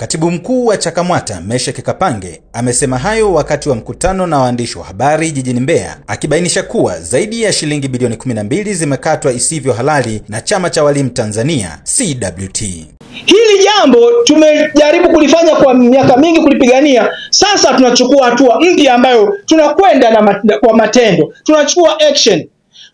Katibu mkuu wa CHAKAMWATA Meshek Kapange amesema hayo wakati wa mkutano na waandishi wa habari jijini Mbeya, akibainisha kuwa zaidi ya shilingi bilioni 12 zimekatwa isivyo halali na chama cha walimu Tanzania CWT. Hili jambo tumejaribu kulifanya kwa miaka mingi kulipigania. Sasa tunachukua hatua mpya ambayo tunakwenda na mat, kwa matendo tunachukua action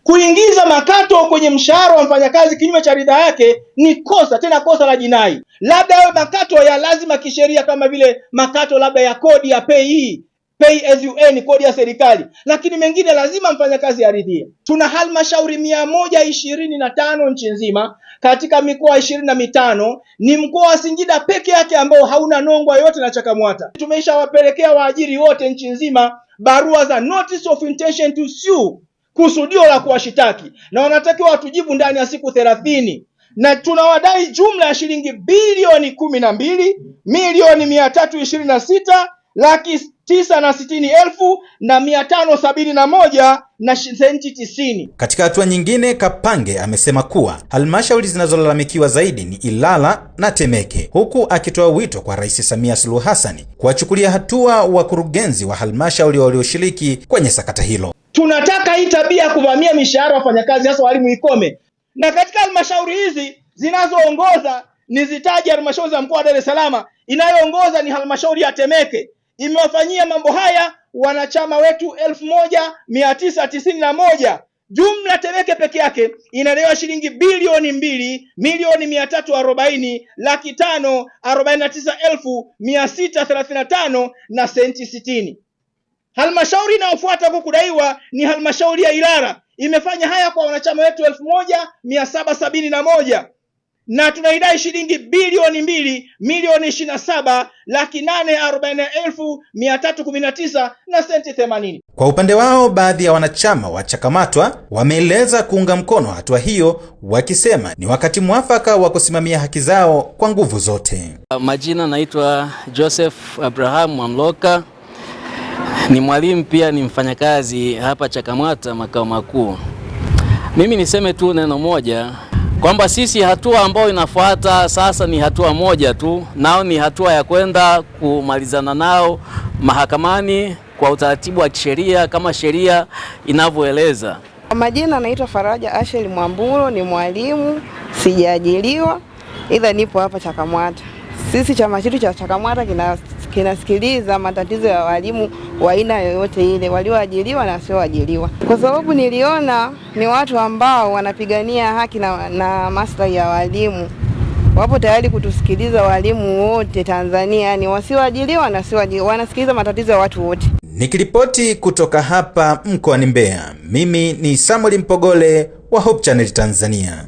Kuingiza makato kwenye mshahara wa mfanyakazi kinyume cha ridhaa yake ni kosa, tena kosa la jinai. Labda hayo makato ya lazima kisheria, kama vile makato labda ya kodi ya pay pay as you earn, kodi ya serikali, lakini mengine lazima mfanyakazi aridhie. Tuna halmashauri mia moja ishirini na tano nchi nzima katika mikoa ishirini na mitano. Ni mkoa wa Singida peke yake ambao hauna Nongwa yote na Chakamwata. Tumeshawapelekea waajiri wote nchi nzima barua za notice of intention to sue kusudio la kuwashitaki na wanatakiwa watujibu ndani ya siku thelathini na tunawadai jumla ya shilingi bilioni kumi na mbili milioni mia tatu ishirini na sita laki tisa na sitini elfu na mia tano sabini na moja na senti tisini. Katika hatua nyingine, Kapange amesema kuwa halmashauri zinazolalamikiwa zaidi ni Ilala na Temeke, huku akitoa wito kwa Rais Samia Suluhu Hassan kuwachukulia hatua wakurugenzi wa halmashauri walioshiriki kwenye sakata hilo. Tunataka hii tabia ya kuvamia mishahara wafanyakazi hasa walimu ikome, na katika halmashauri hizi zinazoongoza nizitaje halmashauri za mkoa wa Dar es Salaam, inayoongoza ni halmashauri ya Temeke, imewafanyia mambo haya wanachama wetu elfu moja mia tisa tisini na moja. Jumla Temeke peke yake inadaiwa shilingi bilioni mbili milioni mia tatu arobaini laki tano arobaini na tisa elfu mia sita thelathini na tano na senti sitini. Halmashauri inayofuata kwa kudaiwa ni halmashauri ya Ilala, imefanya haya kwa wanachama wetu elfu moja mia saba sabini na moja na tunaidai shilingi bilioni mbili milioni ishirini na saba laki nane arobaini elfu mia tatu kumi na tisa na senti themanini. Kwa upande wao, baadhi ya wanachama wa Chakamatwa wameeleza kuunga mkono hatua hiyo, wakisema ni wakati mwafaka wa kusimamia haki zao kwa nguvu zote. Majina naitwa Joseph Abraham Mwamloka ni mwalimu pia ni mfanyakazi hapa CHAKAMWATA makao makuu. Mimi niseme tu neno moja kwamba sisi hatua ambayo inafuata sasa ni hatua moja tu, nao ni hatua ya kwenda kumalizana nao mahakamani kwa utaratibu wa kisheria kama sheria inavyoeleza. Kwa majina naitwa Faraja Asheli Mwambulo, ni mwalimu sijaajiliwa, ila nipo hapa CHAKAMWATA. Sisi chama chetu cha CHAKAMWATA kina kinasikiliza matatizo ya walimu wa aina yoyote ile, walioajiriwa na wasioajiriwa, kwa sababu niliona ni watu ambao wanapigania haki na, na maslahi ya walimu wapo tayari kutusikiliza walimu wote Tanzania, ni wasioajiliwa na wasioajiliwa, wanasikiliza matatizo ya watu wote. Nikiripoti kutoka hapa mkoani Mbeya, mimi ni Samuel Mpogole wa Hope Channel Tanzania.